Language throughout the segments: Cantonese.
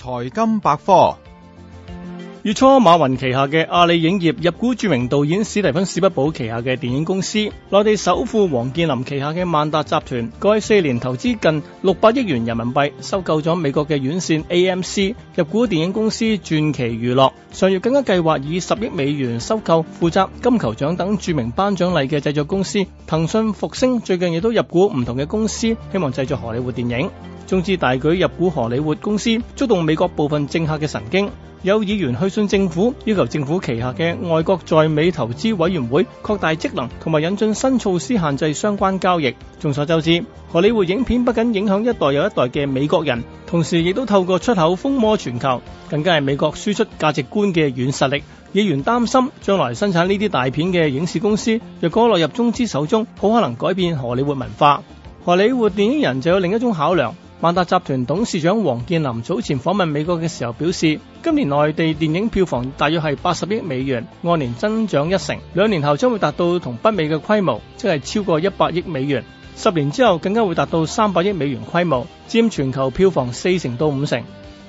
財金百科。月初，馬雲旗下嘅阿里影業入股著名導演史提芬史匹堡旗下嘅電影公司；內地首富王健林旗下嘅萬達集團，過去四年投資近六百億元人民幣，收購咗美國嘅院線 AMC，入股電影公司傳奇娛樂。上月更加計劃以十億美元收購負責金球獎等著名頒獎禮嘅製作公司。騰訊復星最近亦都入股唔同嘅公司，希望製作荷里活電影。總之，大舉入股荷里活公司，觸動美國部分政客嘅神經。有議員去信政府要求政府旗下嘅外國在美投資委員會擴大職能，同埋引進新措施限制相關交易。眾所周知，荷里活影片不僅影響一代又一代嘅美國人，同時亦都透過出口風靡全球，更加係美國輸出價值觀嘅軟實力。議員擔心將來生產呢啲大片嘅影視公司，若果落入中資手中，好可能改變荷里活文化。荷里活電影人就有另一種考量。萬達集團董事長王健林早前訪問美國嘅時候表示，今年內地電影票房大約係八十億美元，按年增長一成，兩年後將會達到同北美嘅規模，即係超過一百億美元，十年之後更加會達到三百億美元規模，佔全球票房四成到五成。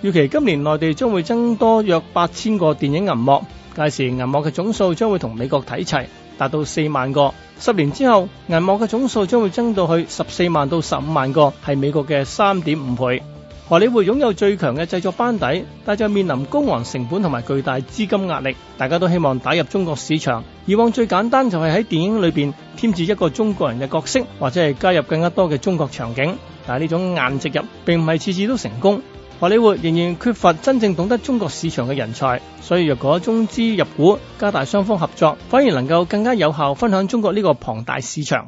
預期今年內地將會增多約八千個電影銀幕，屆時銀幕嘅總數將會同美國睇齊，達到四萬個。十年之後，銀幕嘅總數將會增到去十四萬到十五萬個，係美國嘅三點五倍。荷里活擁有最強嘅製作班底，但就面臨高昂成本同埋巨大資金壓力，大家都希望打入中國市場。以往最簡單就係喺電影裏邊添置一個中國人嘅角色，或者係加入更加多嘅中國場景，但係呢種硬植入並唔係次次都成功。荷里活仍然缺乏真正懂得中國市場嘅人才，所以若果中資入股，加大雙方合作，反而能夠更加有效分享中國呢個龐大市場。